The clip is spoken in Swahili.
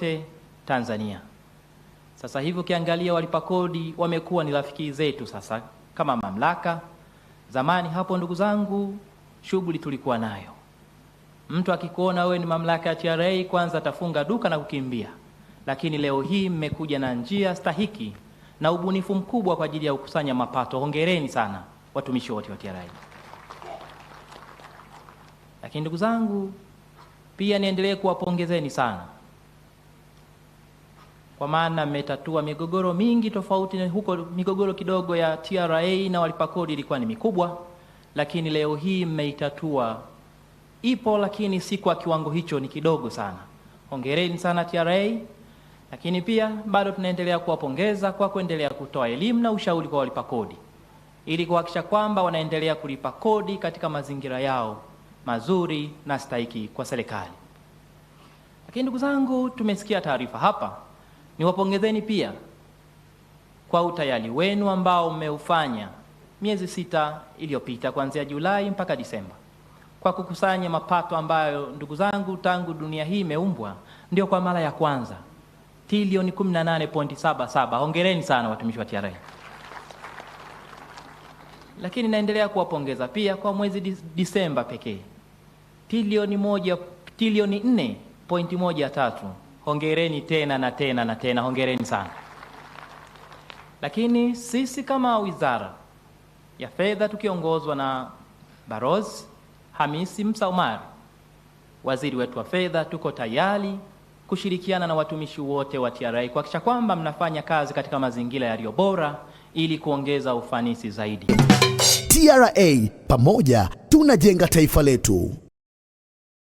kote Tanzania. Sasa hivi ukiangalia walipa kodi wamekuwa ni rafiki zetu sasa kama mamlaka. Zamani hapo, ndugu zangu, shughuli tulikuwa nayo, mtu akikuona wewe ni mamlaka ya TRA kwanza atafunga duka na kukimbia, lakini leo hii mmekuja na njia stahiki na ubunifu mkubwa kwa ajili ya kukusanya mapato. Hongereni sana watumishi wote wa TRA. Lakini ndugu zangu, pia niendelee kuwapongezeni sana kwa maana mmetatua migogoro mingi tofauti na huko. Migogoro kidogo ya TRA na walipa kodi ilikuwa ni mikubwa, lakini leo hii mmeitatua. Ipo lakini si kwa kiwango hicho, ni kidogo sana. Hongereni sana TRA, lakini pia bado tunaendelea kuwapongeza kwa kuendelea kutoa elimu na ushauri kwa walipa kodi ili kuhakikisha kwamba wanaendelea kulipa kodi katika mazingira yao mazuri na stahiki kwa serikali. Lakini ndugu zangu, tumesikia taarifa hapa Niwapongezeni pia kwa utayari wenu ambao mmeufanya miezi sita iliyopita kuanzia Julai mpaka Disemba kwa kukusanya mapato ambayo, ndugu zangu, tangu dunia hii imeumbwa ndio kwa mara ya kwanza trilioni 18.77. Hongereni sana watumishi wa TRA. Lakini naendelea kuwapongeza pia kwa mwezi Disemba pekee trilioni moja trilioni 4.13 hongereni tena na tena na tena, hongereni sana. Lakini sisi kama wizara ya fedha tukiongozwa na Barozi Hamisi Musa waziri wetu wa fedha, tuko tayari kushirikiana na watumishi wote wa TRA kuhakikisha kwamba mnafanya kazi katika mazingira yaliyo bora ili kuongeza ufanisi zaidi. TRA, pamoja tunajenga taifa letu.